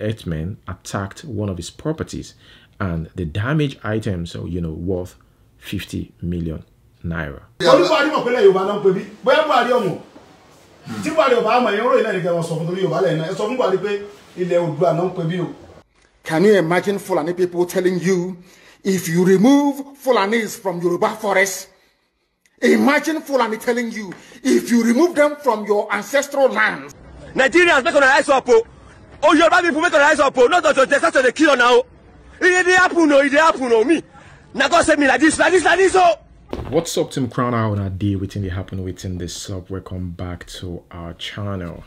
Earthman attacked one of his properties and the damaged items are, you know, worth 50 million naira. Can you imagine Fulani people telling you if you remove Fulanis from Yoruba forest? Imagine Fulani telling you if you remove them from your ancestral lands. Nigerians make una eyes up o. Oh, people make rise up, oh, not to kill now. It did happen, oh, it happen, oh, me. Now me like this, like this, like this, oh. What's up, Team Crown? How on a day waiting It happened within this sub? Welcome back to our channel.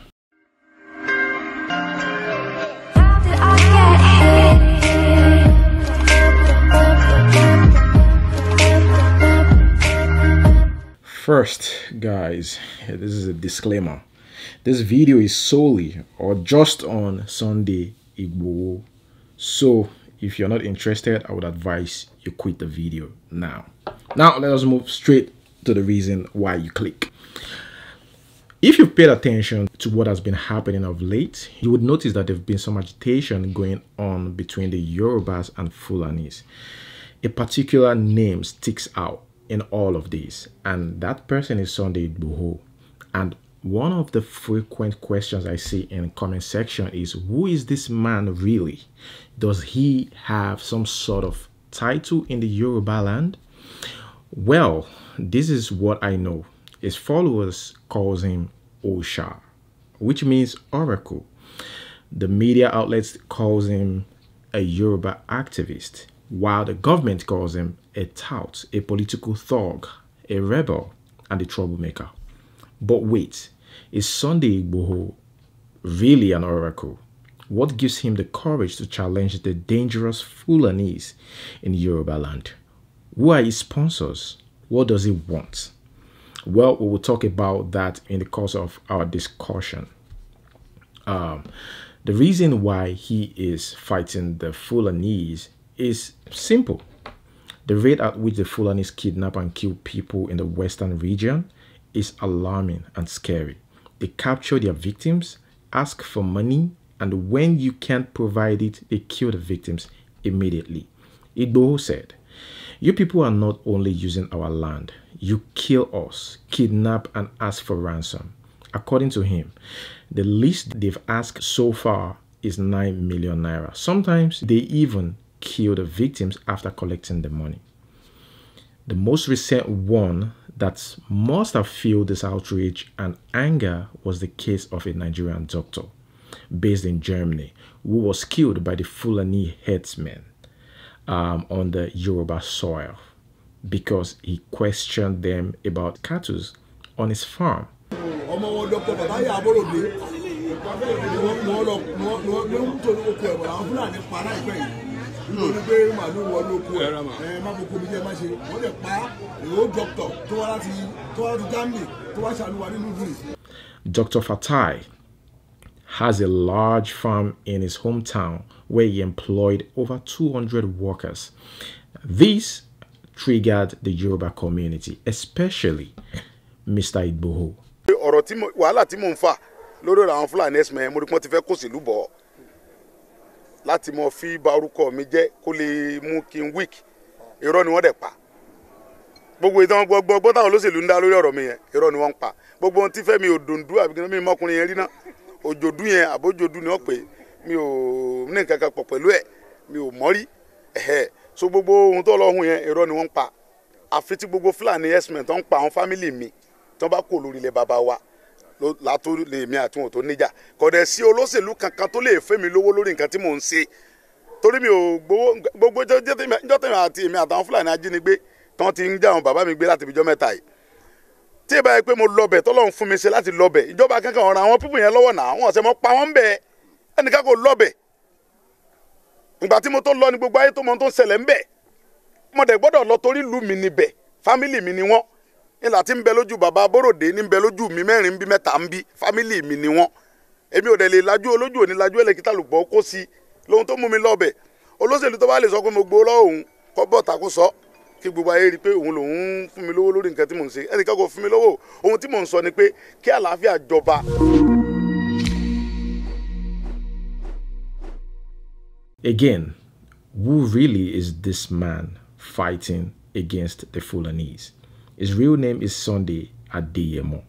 First, guys, this is a disclaimer. This video is solely or just on Sunday Igbo. So if you're not interested, I would advise you quit the video now. Now let us move straight to the reason why you click. If you've paid attention to what has been happening of late, you would notice that there's been some agitation going on between the Yorubas and Fulanis. A particular name sticks out in all of this, and that person is Sunday Buho. And one of the frequent questions I see in the comment section is who is this man really? Does he have some sort of title in the Yoruba land? Well, this is what I know. His followers call him Osha, which means oracle. The media outlets call him a Yoruba activist, while the government calls him a tout, a political thug, a rebel, and a troublemaker. But wait, is Sunday Igboho really an oracle? What gives him the courage to challenge the dangerous Fulanese in Yoruba land? Who are his sponsors? What does he want? Well, we will talk about that in the course of our discussion. Um, the reason why he is fighting the Fulanese is simple. The rate at which the Fulanese kidnap and kill people in the western region is alarming and scary. They capture their victims, ask for money, and when you can't provide it, they kill the victims immediately. Igboho said, You people are not only using our land, you kill us, kidnap, and ask for ransom. According to him, the least they've asked so far is 9 million naira. Sometimes they even kill the victims after collecting the money. The most recent one that must have fueled this outrage and anger was the case of a Nigerian doctor based in Germany who was killed by the Fulani headsmen um, on the Yoruba soil because he questioned them about cattle on his farm. lórí pé màálù wọnú oko ẹ má fọkọ mi jẹ má ṣe wọn lè pa èyí dọkítọ tó wá láti tó wá láti Germany tó wá ṣàlùwà nínú ìlú Dr. Fatai has a large farm in his hometown where he employed over 200 workers. This triggered the Yoruba community, especially Mr. Igboho. ọ̀rọ̀ wàhálà tí mò ń fà lórí àwọn Fúlàní ẹ̀sìn mẹ́rin mo rí pọ́n ti fẹ́ kó sílùú bọ̀ láti mọ fi ba orúkọ mi jẹ́ kó lè mú kí n wíìkì irọ́ ni wọ́n dẹ̀ pa gbogbo ìtàn gbogbo gbọ́tà olóṣèlú ń dá lórí ọ̀rọ̀ mi yẹn irọ́ ni wọ́n ń pa gbogbo ohun tí Fẹ́mi Òdòǹdú àbíkínú mi mọ́kùnrin yẹn rí náà òjòdú yẹn àbójòdú ni wọ́n pè mi ò ní nǹkan kan pọ̀ pẹ̀lú ẹ̀ mi ò mọ́rí ẹ̀hẹ́ so gbogbo ohun tó lọ́hùn yẹn irọ́ ni wọ́n ń pa àfi tí gbogbo Fúlàní herdsmen tó ń pa àwọn fámìlì mi tó bá kó lórí bàbá wa látó lè mi àti wọn tó níjà kò dẹ̀ sí olóṣèlú kankan tó lè fẹ́ mi lówó lórí nǹkan tí mò ń ṣe torí mi ò gbowó gbogbo jọ́ tèmi àti èmi àtàwọn fúlàní ajínigbé tán ti ń já àwọn bàbá mi gbé láti ibìjọ́ mẹ́ta yìí tí ìbá yẹ pé mo lọbẹ̀ tọ́lọ́run fún mi ṣe láti lọbẹ̀ ìjọba kankan ọ̀ràn àwọn pípù yẹn lọ́wọ́ náà wọn ọ̀sẹ̀ mọ́ pa wọ́n bẹ́ẹ̀ ẹnìkan kò lọbẹ̀ ìgbà tí mo tó lọ ni gbogbo ayé tó mọ tó ń ṣẹlẹ̀ ń bẹ̀ mo dẹ̀ gbọ́dọ̀ lọ torí ìlú mi níbẹ̀ fámìlì mi ni wọ́n ńlá tí ń bẹ lójú bàbá Aborode ní bẹ lójú mi mẹ́rin bí mẹ́ta ń bí fámìlì mi ni wọ́n èmi ò dẹ̀ lè lajú olójú òní lajú ẹlẹ́kìtà lùpọ̀ kó sí i lóhun tó mú mi lọ́ọ̀bẹ̀ olóṣèlú tó bá lè sọ pé mo gbowó lọ́wọ́ kọ́ bọ̀ takú sọ kí gbogbo ayé rí i pé òun lòun ń fún mi lówó lórí nǹkan tí mò ń ṣe ẹnìkan kò fún mi lówó ohun tí mò ń sọ ni pé kí àlàáfíà jọba. Again, who really is this man fighting against the Fulanese? His real name is Sunday Adeyemo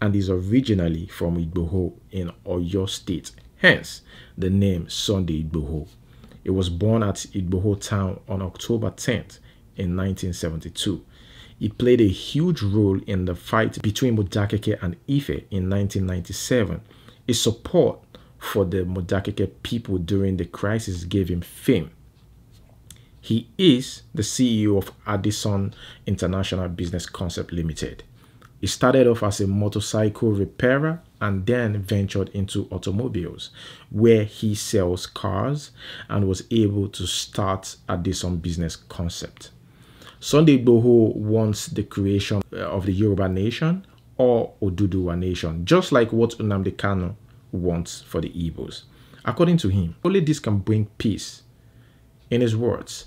and is originally from Igboho in Oyo State, hence the name Sunday Igboho. He was born at Igboho town on October 10th in 1972. He played a huge role in the fight between Modakeke and Ife in 1997. His support for the Modakeke people during the crisis gave him fame he is the CEO of Addison International Business Concept Limited. He started off as a motorcycle repairer and then ventured into automobiles, where he sells cars and was able to start Addison Business Concept. Sunday Boho wants the creation of the Yoruba nation or Oduduwa nation, just like what Unamdi Kanu wants for the Igbos. According to him, only this can bring peace. In his words,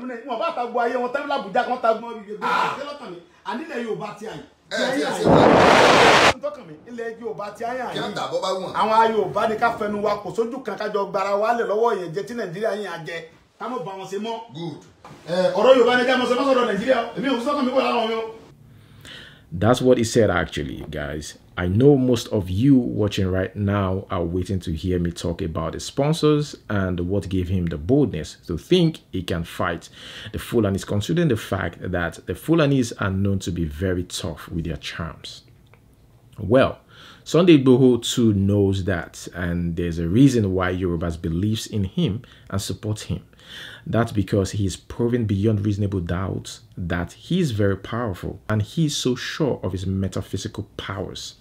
pẹ̀lú ní bá tagbó ah. eh, ká fẹnu wa kò sójú kan kájọ gbara wa lẹ̀ lọ́wọ́ yẹn jẹ tí Nàìjíríà yẹn á táwọn bá wọn ṣe mọ́. Eh, ọ̀rọ̀ Yorùbá ni ká mọ̀ sọ́kàn Nàìjíríà èmi ò sọ́kàn mi kò láwọn mi That's what he said actually, guys. I know most of you watching right now are waiting to hear me talk about the sponsors and what gave him the boldness to think he can fight the Fulanis, considering the fact that the Fulanis are known to be very tough with their charms. Well, Sunday Boho too knows that, and there's a reason why Yorubas believes in him and supports him. That's because he is proven beyond reasonable doubt that he is very powerful and he is so sure of his metaphysical powers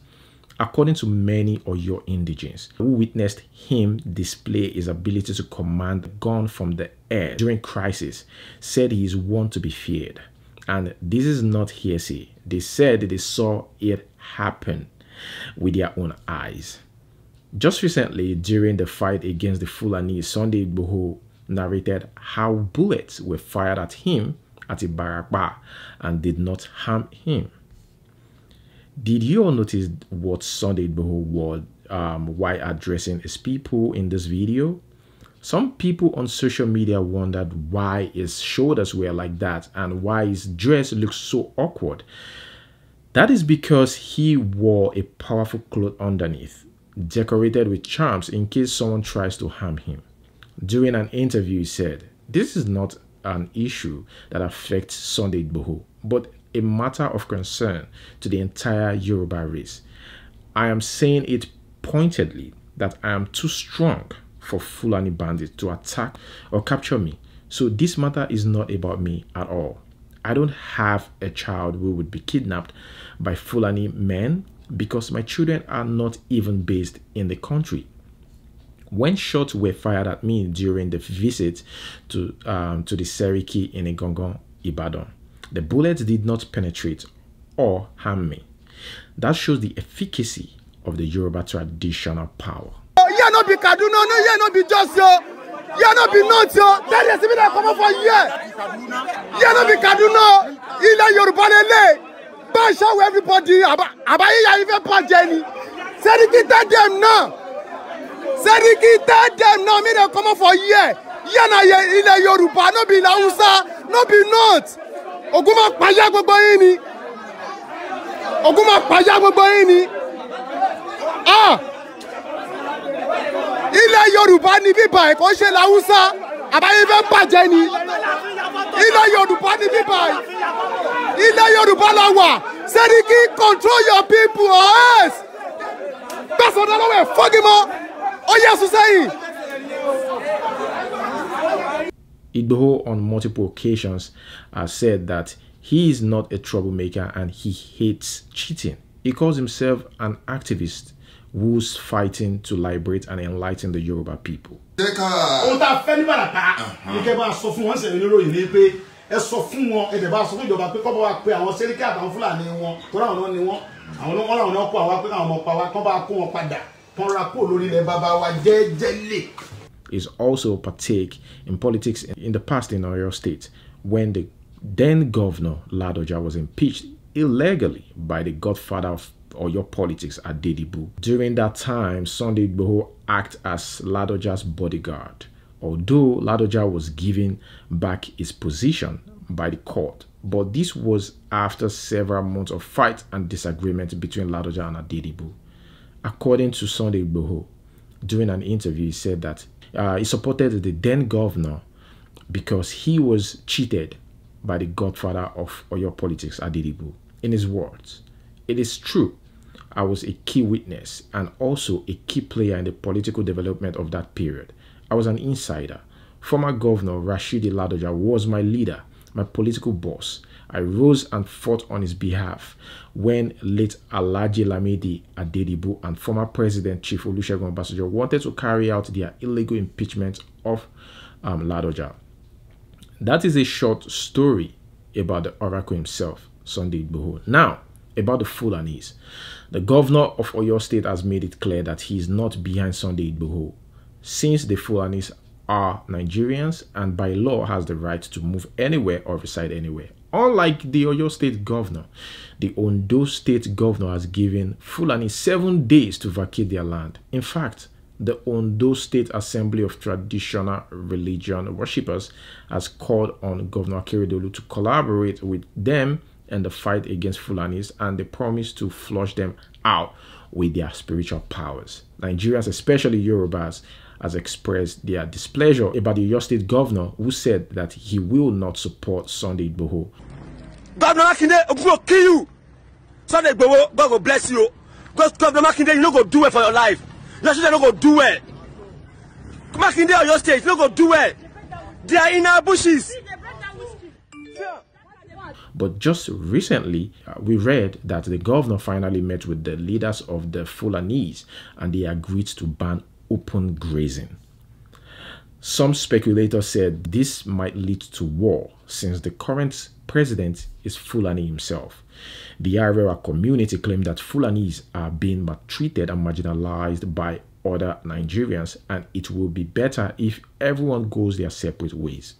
according to many your indigents who witnessed him display his ability to command the gun from the air during crisis, said he is one to be feared. And this is not hearsay. They said they saw it happen with their own eyes. Just recently, during the fight against the Fulani, Sunday Igboho narrated how bullets were fired at him at bar, and did not harm him. Did you all notice what Sunday Boho was um, addressing his people in this video? Some people on social media wondered why his shoulders were like that and why his dress looks so awkward. That is because he wore a powerful cloth underneath, decorated with charms in case someone tries to harm him. During an interview, he said, This is not an issue that affects Sunday Boho, but a matter of concern to the entire Yoruba race. I am saying it pointedly that I am too strong for Fulani bandits to attack or capture me. So this matter is not about me at all. I don't have a child who would be kidnapped by Fulani men because my children are not even based in the country. When shots were fired at me during the visit to um, to the Seriki in Igongon, Ibadan, The bullet did not penetrate or harm me. That shows the efficacy of the Yoruba traditional power. Oh, yeah, not be Kaduna, no, yeah, not be just yo. Yeah, not be not yo. That is even I come up for you. Yeah, not be Kaduna. Ilẹ̀ Yoruba, lele. Ban show everybody. Aba, aba iya ife pa jeni. Seriki tell them now. Seriki tell them now. Me they come up for you. Yeah, not, yeah. Ilẹ̀ Yoruba, no be Hausa, no be not ogun máa pàyà gbogbo yín ni ogun máa pàyà gbogbo yín ni ah! ilẹ̀ yorùbá ni bíbà ẹ̀kọ́ ṣe làwùsá àbáyé fẹ́ bàjẹ́ ni ilẹ̀ yorùbá ni bíbà ilẹ̀ yorùbá la wà sẹ́ríkì control your people or oh, gbèsè ọ̀dọ́ lọ́wọ́ ẹ̀ fọ́gímọ́ ó yẹ sùn Igboho on multiple occasions has said that he is not a troublemaker and he hates cheating. He calls himself an activist who's fighting to liberate and enlighten the Yoruba people. is also partake in politics in the past in Oyo state when the then Governor Ladoja was impeached illegally by the godfather of or your politics at Dedibu. During that time, Sunday Igboho acted as Ladoja's bodyguard. Although Ladoja was given back his position by the court, but this was after several months of fight and disagreement between Ladoja and Adedibu. According to Sunday Igboho, during an interview, he said that uh, he supported the then governor because he was cheated by the godfather of Oyo politics, Adiribu. In his words, it is true, I was a key witness and also a key player in the political development of that period. I was an insider. Former governor Rashidi Ladoja was my leader, my political boss. I rose and fought on his behalf when late Alaji Lamidi Adedibu and former President Chief Olusegun Obasanjo wanted to carry out their illegal impeachment of um, Ladoja. That is a short story about the oracle himself, Sunday Igboho. Now, about the Fulanis. The governor of Oyo State has made it clear that he is not behind Sunday Igboho, since the Fulanis are Nigerians and by law has the right to move anywhere or reside anywhere. Unlike the Oyo State governor, the Ondo State governor has given Fulani seven days to vacate their land. In fact, the Ondo State Assembly of Traditional Religion Worshippers has called on Governor Akeredolu to collaborate with them in the fight against Fulanis and they promise to flush them out with their spiritual powers. Nigerians, especially Yorubas, has expressed their displeasure about the Oyo State governor who said that he will not support Sunday Igboho. Governor Makinde will kill you. Sunday Igboho, God will bless you. Governor Makinde, you no go do it for your life. Your children going go do well. your stage. State going go do well. They are in our bushes. But just recently, uh, we read that the governor finally met with the leaders of the Fulanese and they agreed to ban open grazing. Some speculators said this might lead to war since the current president is Fulani himself. The Arvera community claimed that Fulanese are being maltreated and marginalized by other Nigerians, and it will be better if everyone goes their separate ways.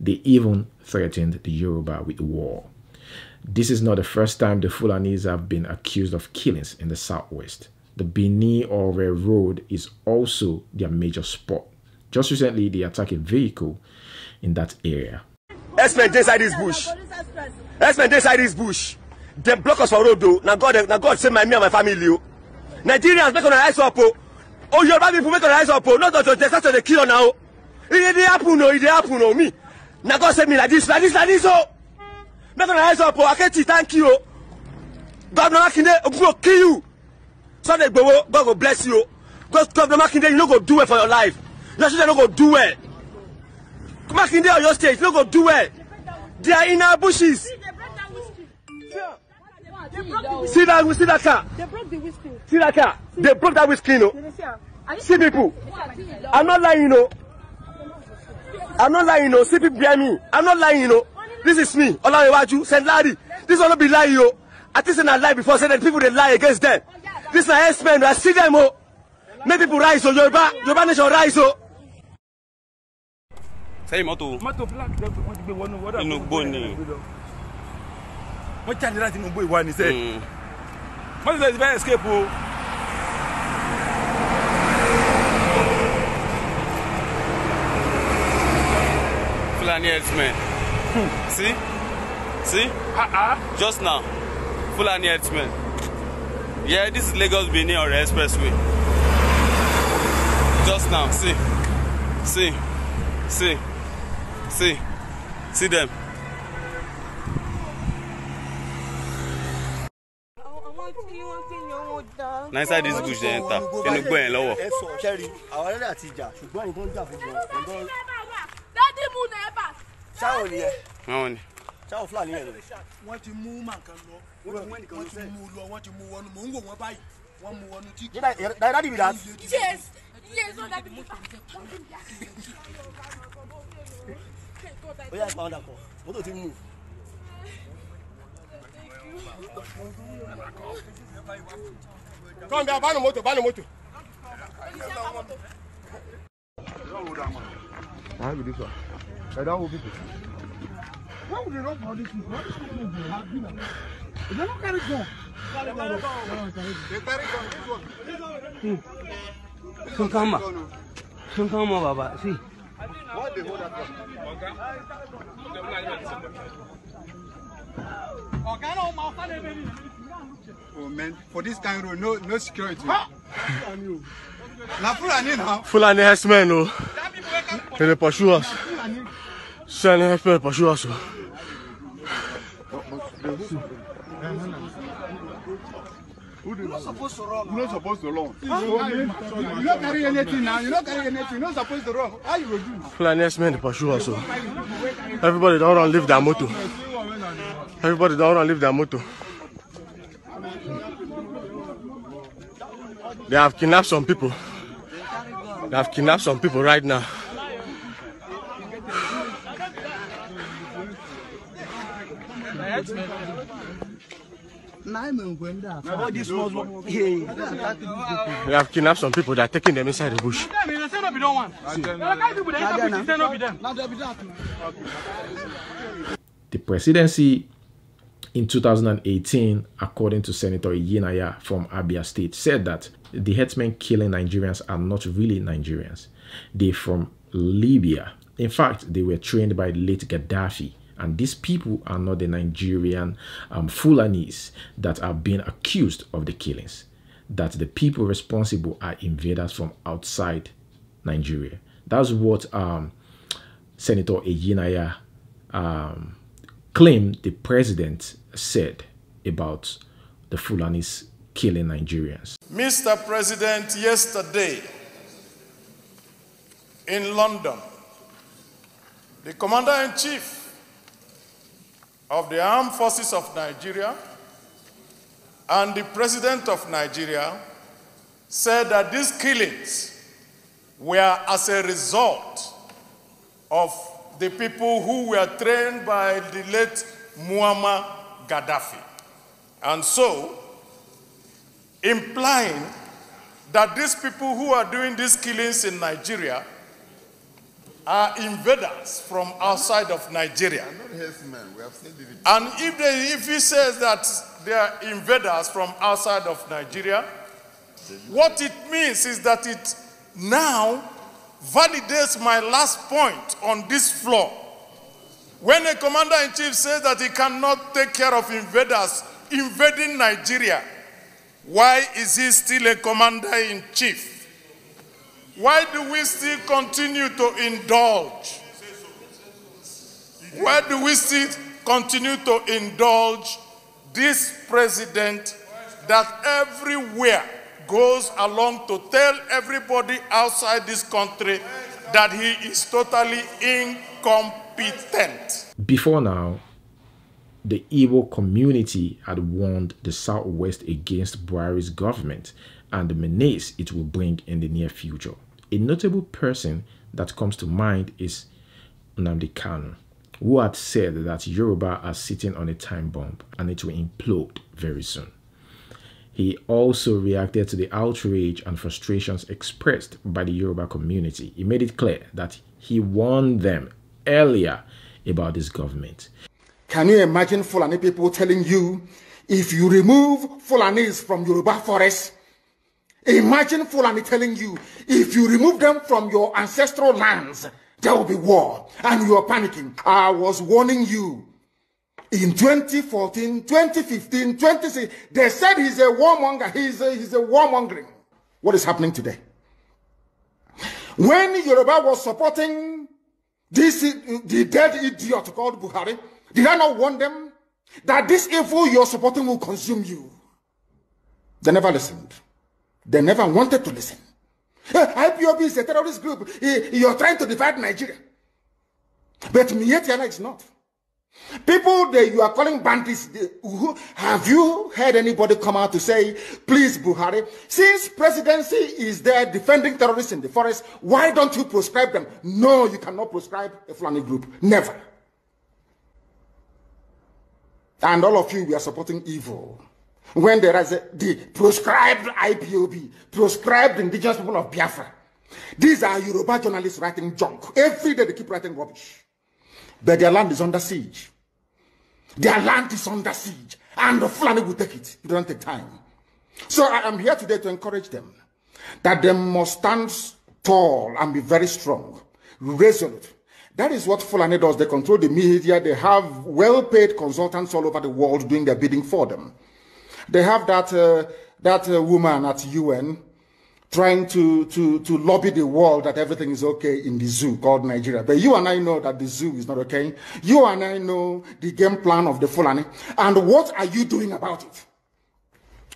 They even threatened the Yoruba with war. This is not the first time the Fulanese have been accused of killings in the southwest. The Bini or Road is also their major spot. Just recently, they attacked a vehicle in that area. Let's this bush. Let's this bush. dem block us for road o na god na god save my me and my family o oh. nigerians make una rise up o oh. o oh, yoruba pipo make una rise up o no to to dey start to dey kill una o e dey happen o e dey happen o me na god save me like this like this like this o make una rise up o aketi thank you o governor makinde go kill you sunday igbowo god go bless you o governor makinde you no go do well for your life your children no go do well makinde oyo state no go do well they are in our bushes. Yeah. See that, see that car? They broke the whiskey. See that car? See. They broke that whiskey, you know. See ah, people. I'm not lying, you know. I'm not lying, you know. See people behind me. I'm not lying, you know. This is me, Olayiwaju, St. Larry. This will not be lying, yo. I think I lie before, said that people they lie against them. Oh, This is my husband. I see them, oh. Make people rise, oh. Yoruba, Yoruba nation rise, oh. Say, moto. Moto black, wọ́n ti gbé wọnú wọ́dà. Inú gbó ni wọ́n jáde láti inú igbó ìwà ni sẹ́ hmm. wọ́n ti sọ ti fẹ́ escape o. Fulani herdsmen. Hmm. See? See? Uh-uh. Just now. Fulani herdsmen. Yeah, this Lagos Benin or expressway. Just now. See? See? See? See? See them? na inside this bush dey enter inú gbọ́ yẹn lọ́wọ́. ẹ sọ ṣẹ́rí àwọn ẹlẹ́dẹ̀ àti ìjà ṣùgbọ́n ìbọn jà fún wọn. dádì mú nẹ́ẹ̀bà. ṣáwọn nìyẹn. àwọn ni. ṣáwọn fúlàní yẹn lọ. wọ́n ti mú màǹkan lọ wọ́n ti mú lọ wọ́n ti mú wọnú mò ń wò wọ́n báyìí wọ́n mú wọnú tí. dádì mi dá. yes yes ọ̀dà mi nípa. ó yà ìpa ọ̀dà kọ̀ mọ́tò ti mú. Thank you. Come here, ban moto, ban moto. I have this one. I don't have this Why would they not for this people? Why these people have been They don't carry gun. They carry gun. They carry gun. This one. Soon come up. Soon come up, Baba. See. What they hold that gun? Okay. Okay, no, my father, baby. Oh man, for this kind of road, no, no security. now Fulani now. Fulani has men, oh. Can they pursue us? Send them to pursue us, oh. You're not supposed to run. You're not supposed to run. You're not carrying anything now. You're not carrying anything. You're not supposed to run. How you will do? Fulani's men pursue us. Oh. Everybody don't run leave their motto. Everybody don't run leave their motto. They have kidnapped some people. They have kidnapped some people right now. They have kidnapped some people. They are taking them inside the bush. The presidency in 2018, according to Senator Yinaya from Abia State, said that the headsmen killing Nigerians are not really Nigerians. They're from Libya. In fact, they were trained by late Gaddafi. And these people are not the Nigerian um, Fulanis that are being accused of the killings. That the people responsible are invaders from outside Nigeria. That's what um, Senator Ejinaya um, claimed the president said about the Fulanis killing Nigerians. Mr. President, yesterday in London, the Commander in Chief of the Armed Forces of Nigeria and the President of Nigeria said that these killings were as a result of the people who were trained by the late Muammar Gaddafi. And so, implying that these people who are doing these killings in Nigeria are invaders from outside of Nigeria. And if, they, if he says that they are invaders from outside of Nigeria, what it means is that it now validates my last point on this floor. When a commander in chief says that he cannot take care of invaders invading Nigeria, why is he still a commander in chief? Why do we still continue to indulge? Why do we still continue to indulge this president that everywhere goes along to tell everybody outside this country that he is totally incompetent? Before now, the Igbo community had warned the Southwest against Buhari's government and the menace it will bring in the near future. A notable person that comes to mind is Nnamdi Kanu, who had said that Yoruba are sitting on a time bomb and it will implode very soon. He also reacted to the outrage and frustrations expressed by the Yoruba community. He made it clear that he warned them earlier about this government. Can you imagine Fulani people telling you, if you remove Fulanis from Yoruba forest, imagine Fulani telling you, if you remove them from your ancestral lands, there will be war, and you are panicking. I was warning you. In 2014, 2015, 2016, they said he's a warmonger. He's a, he's a warmongering. What is happening today? When Yoruba was supporting this, the dead idiot called Buhari, did I not warn them that this evil you're supporting will consume you? They never listened. They never wanted to listen. IPOB is a terrorist group. You're trying to divide Nigeria. But Mietiala is not. People that you are calling bandits, have you heard anybody come out to say, please, Buhari, since presidency is there defending terrorists in the forest, why don't you proscribe them? No, you cannot proscribe a flanny group. Never. And all of you, we are supporting evil. When there is a, the proscribed IPOB, proscribed indigenous people of Biafra, these are Yoruba journalists writing junk. Every day they keep writing rubbish. But their land is under siege. Their land is under siege. And the Fulani will take it. It doesn't take time. So I am here today to encourage them that they must stand tall and be very strong, resolute, that is what Fulani does. They control the media. They have well-paid consultants all over the world doing their bidding for them. They have that, uh, that uh, woman at UN trying to, to, to lobby the world that everything is okay in the zoo called Nigeria. But you and I know that the zoo is not okay. You and I know the game plan of the Fulani. And what are you doing about it?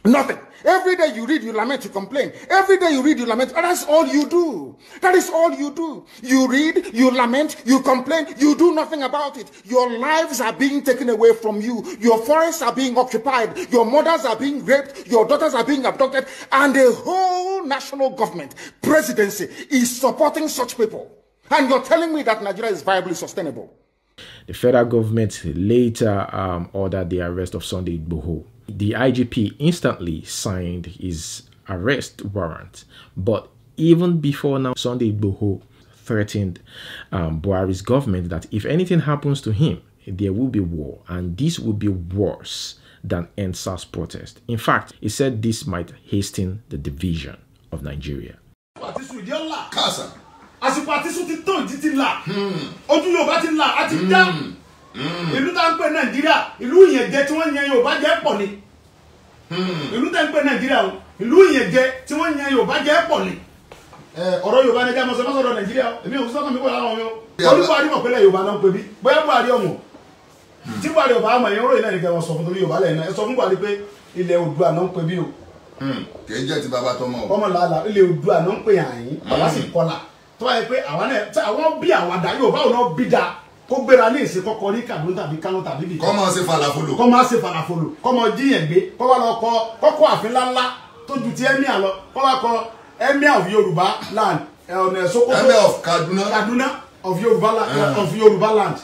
Nothing. Every day you read, you lament, you complain. Every day you read, you lament. And that's all you do. That is all you do. You read, you lament, you complain, you do nothing about it. Your lives are being taken away from you. Your forests are being occupied. Your mothers are being raped. Your daughters are being abducted. And the whole national government, presidency, is supporting such people. And you're telling me that Nigeria is viably sustainable. The federal government later um, ordered the arrest of Sunday Igboho the IGP instantly signed his arrest warrant. But even before now, Sunday Igboho threatened um, Buhari's government that if anything happens to him, there will be war, and this will be worse than NSAS protest. In fact, he said this might hasten the division of Nigeria. Hmm. ìlú tá ń pè nàìjíríà ìlú ìyẹ̀jẹ tí wọ́n yan yorùbá jẹ́ pọ̀ ni hmm. ìlú tá ń pè nàìjíríà o ìlú ìyẹ̀jẹ tí wọ́n yan yorùbá jẹ́ pọ̀ ni ọ̀rọ̀ yorùbá ni jámọ̀ sọ́kọ́ sọ́dọ̀ nàìjíríà o èmi ò sọ́kàn mi kò láwọn mi o olùkọ́ àdìmọ̀ pẹ̀lẹ́ yorùbá náà ń pè bí bóyá buhari ọmọ hmm. tí buhari ọba àmọ̀ ẹ̀yìn olóyìn náà nìkan wọn sọ fún torí yorùbá lẹ́yìn náà ti bàbá tọmọ o. ọmọ làálàá ilẹ̀ oòdùà náà ń pè àyín bàbá sì kọlà tó báyìí pé àwọn bí àwàdà yorùbá ò náà bí dáa kó gbéra ní ìsìn kọkọ ní Kaduna tàbí Kano tàbí bìkan. kọ́ máa ṣe falafolo. kọ́ máa ṣe falafolo kọ́ máa jíyàn gbé kọ́ wá lọ kọ́ kọ́kọ́ àfin ńláńlá tó ju ti emir lọ kọ́ wá kọ́ emir of Yorùbá land eh, ọ̀nà Sokoto emir of Kaduna Kaduna of Yorùbá land eh. of Yorùbá land.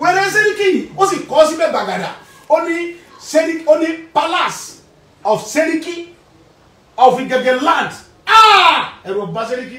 wẹ́rẹ́ sẹ́ríkì ó sì kọ́ síbẹ̀ gbàgàdà ó ní sẹ́ríkì ó ní palace of sẹ́ríkì of Igege land ah! ẹ̀rọ bá sẹ́ríkì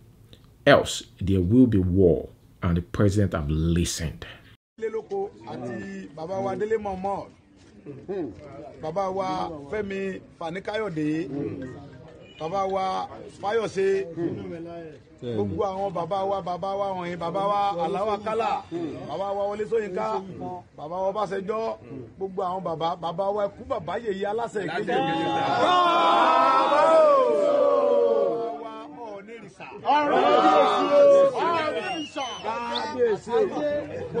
else there will be war and the president have listened. bàbá wa fẹ́mi bàbá wa fayose bàbá wa bàbá wa bàbá wa aláwa kálá bàbá wa bàbá wa bàbá bàbá wa bàbá ọ̀rọ̀ kábíyèsí àti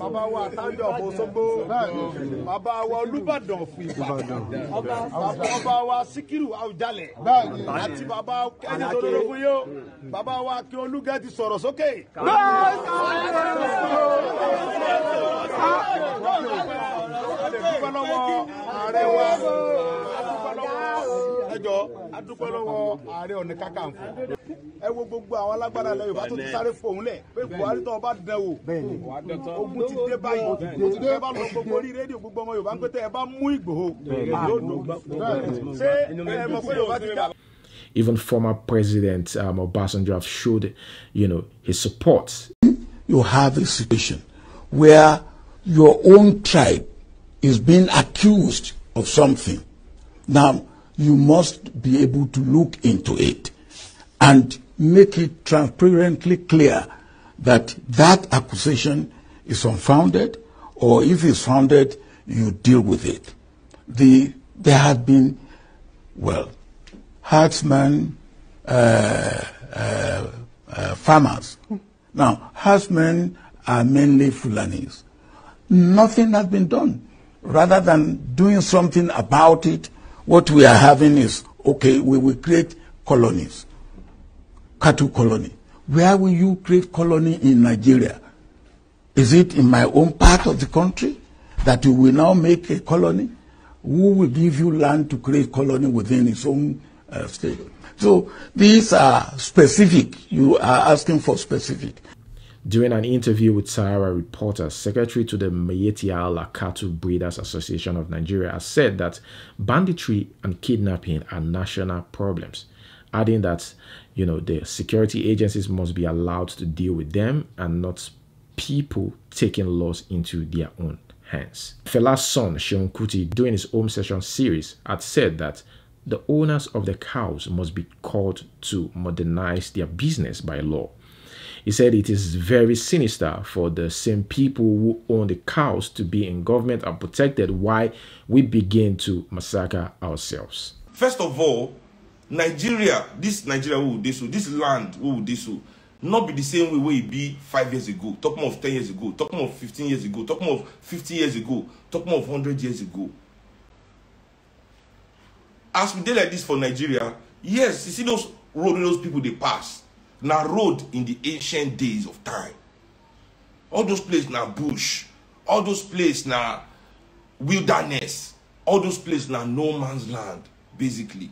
bàbá wa àtàndé ọ̀bọ bàbá wa Olúbàdàn fún Ìbàdàn bàbá wa Síkírù Àwùjalẹ̀ àti bàbá kẹ́ni tó lọ́dọ̀ fún yó bàbá wa kí olúgẹ́ ti sọ̀rọ̀ sókè. Ààrẹ wa. lọ́wọ́ ààrẹ ẹ wo gbogbo àwọn alágbára tó ti sáré fòun lẹ̀ pé buhari tó bá dẹ̀ wò ogun ti dé báyìí bá lọ gbogbo orí rédíò gbogbo ọmọ yorùbá ń pété ẹ bá mú ìgbòho yóò dùn ṣé ẹ mọ̀ pé yorùbá ti ká. Even former President um, Obasanjo have showed, you know, his support. You have a situation where your own tribe is being accused of something. Now, you must be able to look into it and make it transparently clear that that accusation is unfounded or if it's founded, you deal with it. The, there had been, well, herdsmen, uh, uh, uh, farmers. Now, herdsmen are mainly Fulanis. Nothing has been done. Rather than doing something about it, what we are having is, okay, we will create colonies, cattle colony. Where will you create colony in Nigeria? Is it in my own part of the country that you will now make a colony? Who will give you land to create colony within its own uh, state? So these are specific. You are asking for specific. During an interview with Sahara Reporters, Secretary to the Mayetia Lakatu Breeders Association of Nigeria has said that banditry and kidnapping are national problems, adding that you know the security agencies must be allowed to deal with them and not people taking laws into their own hands. Fela's son, Sean Kuti, during his home session series, had said that the owners of the cows must be called to modernize their business by law. He said it is very sinister for the same people who own the cows to be in government and protected why we begin to massacre ourselves. First of all, Nigeria, this Nigeria this this land this will not be the same way where it be five years ago, talking of 10 years ago, talking of 15 years ago, talking of 50 years ago, talking of 100 years ago. As we did like this for Nigeria, yes, you see those road, those people they pass na road in the ancient days of time all those place na bush all those place na wilderness all those place na no man's land basically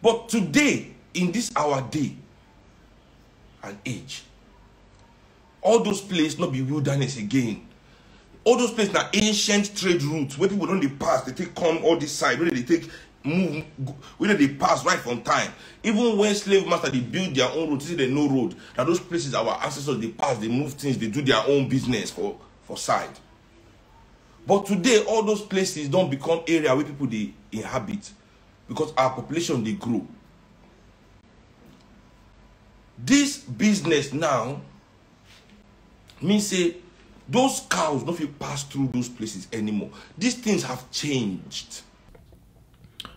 But today, in this our day and age, all those places not be wilderness again. all those places na ancient trade routes wey people don dey pass dey take come all this side wey dey take move wey dey pass right from time even when slave master dey build their own road till they no road na those places our ancestors dey pass dey move things dey do their own business for for side but today all those places don become area wey people dey inhabit because our population dey grow this business now mean say those cows don't feel pass through those places anymore these things have changed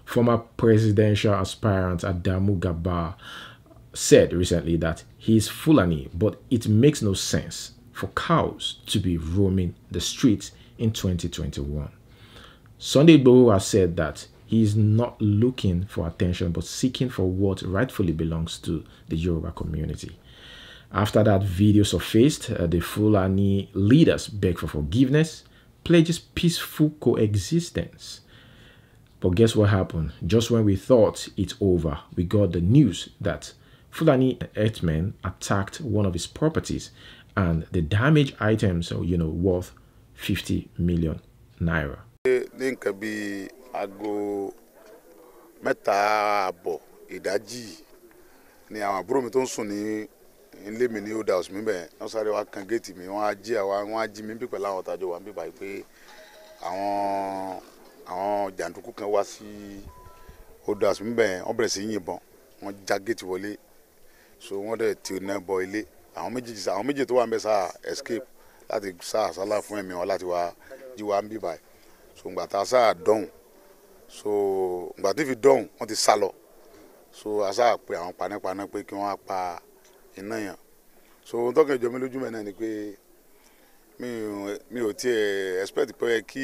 former presidential aspirant Adamu Gaba said recently that he is Fulani, but it makes no sense for cows to be roaming the streets in 2021. Sunday Igboho has said that he is not looking for attention but seeking for what rightfully belongs to the Yoruba community. After that video surfaced, uh, the Fulani leaders begged for forgiveness, pledges peaceful coexistence. But guess what happened? Just when we thought it's over, we got the news that Fulani Earthmen attacked one of his properties and the damaged items are, you know, worth 50 million naira. mẹ́ta ní ń lé mi ní old house mi bẹ́ẹ̀ wọ́n sáré wá kan géètì mi wọ́n á jí àwa wọ́n á jí mi bí pẹ̀lú àwọn tàjọ wà ń bí báyìí pé àwọn àwọn jàǹdùkú kan wá sí old house mi bẹ́ẹ̀ wọ́n bẹ̀rẹ̀ sí yìnbọn wọ́n já géètì wọlé so wọ́n dẹ̀ ti ná bọ ilé àwọn méjèèjì àwọn méjèèjì tó wà ń bẹ sáà escape láti sáà sálà fún ẹ̀mí wọn láti wá jí wa ń bí báyìí so ngbà sáà dọ̀hùn iná yàn so ohun tọkàn ìjọ mi lójú mẹ ni pé mi ò tiẹ̀ expect pé kí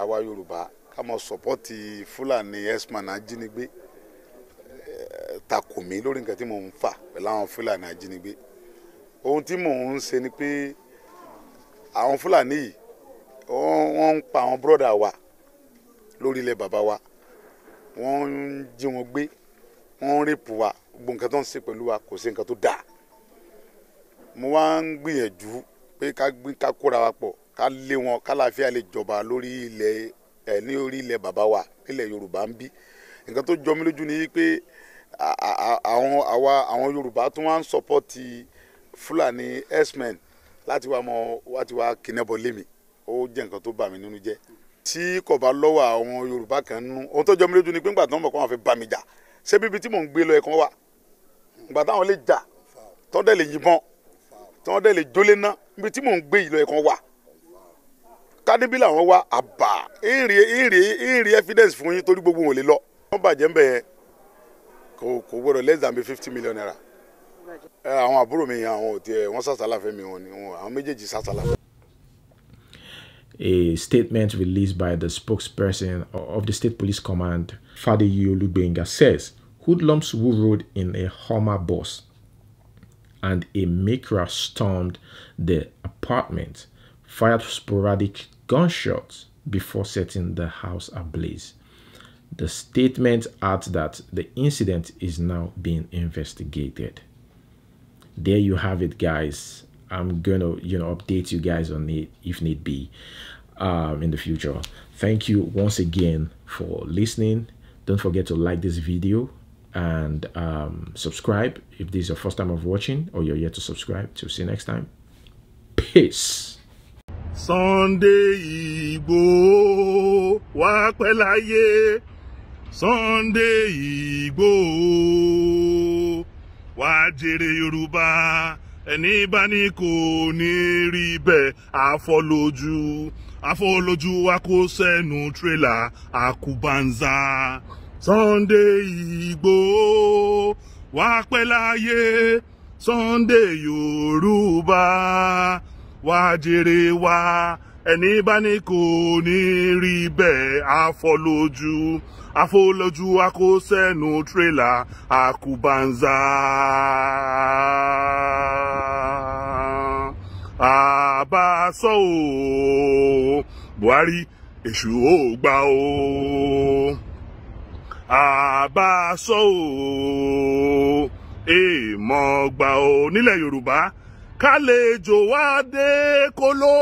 àwa Yorùbá ká mọ sọpọ́tì Fúlàní herdsmen ajínigbé takò mí lórí nǹkan tí mò ń fà pẹ̀lú àwọn Fúlàní ajínigbé ohun tí mò ń ṣe ni pé àwọn Fúlàní yìí wọ́n ń pa àwọn bọ́dà wa lórí ilẹ̀ bàbá wa wọ́n ń jí wọn gbé wọ́n ń rèpù wa gbogbo nǹkan tó ń ṣe pẹ̀lú wa kò ṣe nǹkan tó dáa mo wá ń gbìyànjú pé ká gbin ká kóra wa pọ̀ ká lé wọn kálàáfíà lè jọba lórí ilẹ̀ ẹ̀ ní orí ilẹ̀ bàbá wa nílẹ̀ yorùbá ń bí nǹkan tó jọ mí lójú ni pé àwọn àwa àwọn yorùbá tó wá ń sọpọ́tì fúlàní x-men láti wá mọ láti wá kìnẹ́bọ̀ lémi ó jẹ́ nǹkan tó bà mí nínú jẹ́ tí kò bá lọ́wọ́ àwọn yorùbá kan nú ohun tó jọ mí lójú ni pé ńgbà tó ń bọ̀ kó wọn fi bà mí jà ṣé bíbi tí mò ń gbé lọ ẹ̀kan wà ìgbà táwọn lè jà tọ́dẹ̀ lè yìnbọn tọ́dẹ̀ lè jólé ná níbi tí mò ń gbé ìlọ ẹ̀kan wà kádébí làwọn wá àbà ìrì ìrì ìrì evidence fún yín torí gbogbo wọn ò lè lọ. wọ́n bàjẹ́ ń kò kò gbọ́dọ̀ less than fifty million naira àwọn àbúrò mi àwọn ò tiẹ̀ wọ́n sàṣàlà fẹ́mi wọn ni àwọn méjèèjì sàṣàlà. A statement released by the spokesperson of the State Police Command, Fadiyi Olugbenga, says Hoodlums who rode in a Hummer bus and a maker stormed the apartment, fired sporadic gunshots before setting the house ablaze. The statement adds that the incident is now being investigated. There you have it, guys. I'm gonna, you know, update you guys on it if need be um, in the future. Thank you once again for listening. Don't forget to like this video and um, subscribe if this is your first time of watching or you're yet to subscribe. Till see you next time. Peace. Sunday Igbo wá pẹ́ láyé Sunday Igbo wá jèrè Yorùbá ẹni bá ní kò ní rí bẹ́ẹ̀ àfọlójú àfọlójú wa kó sẹ́nu tírélà àkùbánzá. Sunday Igboho wá pẹ́ láyé Sunday Yorùbá wá jèrè wá ẹni bá ní kò ní rí bẹ́ẹ̀ àfọlójú àfọlójú akósẹ́nu tírélà àkùbánzá. àbá sọ ooo Buhari èṣù ò gbà ooo àbáṣọ o èèmọ̀ gbà o nílẹ̀ yorùbá kálejò wá kóló.